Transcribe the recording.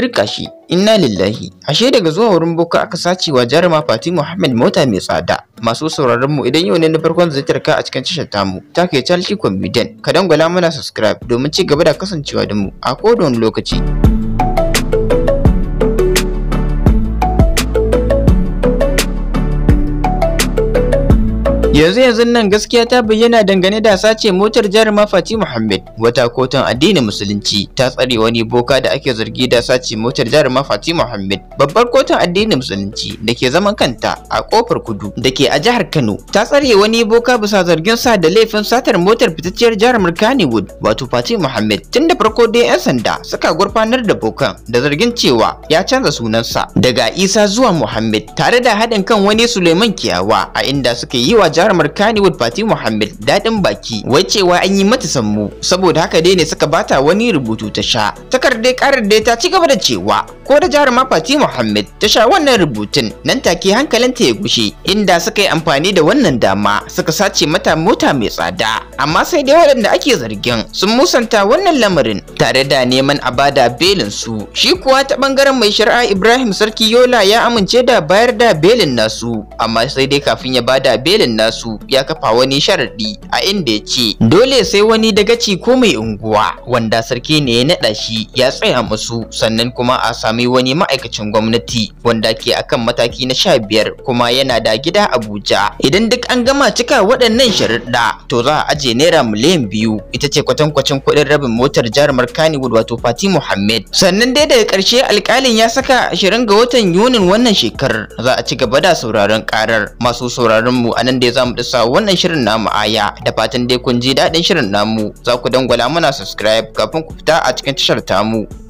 girka shi inna lillahi ashe daga zuwa wurin boka aka sace wa jaruma Fati Muhammad mota mai tsada masu sauraron mu idan yau ne na farkon zaitar ka a cikin tashar tamu ta kai Charlie Comedian ka dangwala mana subscribe domin ci gaba da kasancewa da mu a kowane lokaci yanzu yanzu nan gaskiya ta bayyana dangane da sace motar jaruma fati muhammad wata kotun addinin musulunci ta tsare wani boka da ake zargi da sace motar jaruma fati muhammad babbar kotun addinin musulunci da ke zaman kanta a kofar kudu dake a jihar kano ta tsare wani boka bisa zargin sa da laifin satar motar fitacciyar jarumar kannywood wato fati muhammad Tunda farko dai yan sanda suka gurfanar da bokan da zargin cewa ya canza sunansa daga isa zuwa muhammad tare da haɗin kan wani suleiman kiyawa a inda suka yi wa jarumar jarumar Kannywood Fati Muhammad daɗin baki wai cewa an yi mata sammu saboda haka dai ne suka bata wani rubutu ta sha. Takardar ƙarar dai ta ci gaba da cewa ko da jaruma Fati Muhammad ta sha wannan rubutun nan take ta ya gushe inda suka yi amfani da wannan dama suka sace mata mota mai tsada amma sai dai waɗanda ake zargin sun musanta wannan lamarin tare da neman a bada belin su shi kuwa ta bangaren mai shari'a Ibrahim Sarki Yola ya amince da bayar da belin nasu amma sai dai kafin ya bada belin nasu ya kafa wani sharadi a inda ya ce dole sai wani ci ko mai unguwa wanda sarki ne ya naɗa shi ya tsaya musu sannan kuma a sami sami wani ma'aikacin gwamnati wanda ke akan mataki na sha biyar kuma yana da gida Abuja. Idan duk an gama cika waɗannan sharuɗa to za a aje naira miliyan biyu ita ce kwatankwacin kuɗin rabin motar jarumar wood wato Fati Muhammad. Sannan dai daga ƙarshe alƙalin ya saka ashirin ga watan Yunin wannan shekarar za a ci gaba da sauraron ƙarar masu sauraron mu a nan dai za mu dasa wannan shirin namu aya da fatan dai kun ji daɗin shirin namu za ku dangwala mana subscribe kafin ku fita a cikin tashar tamu.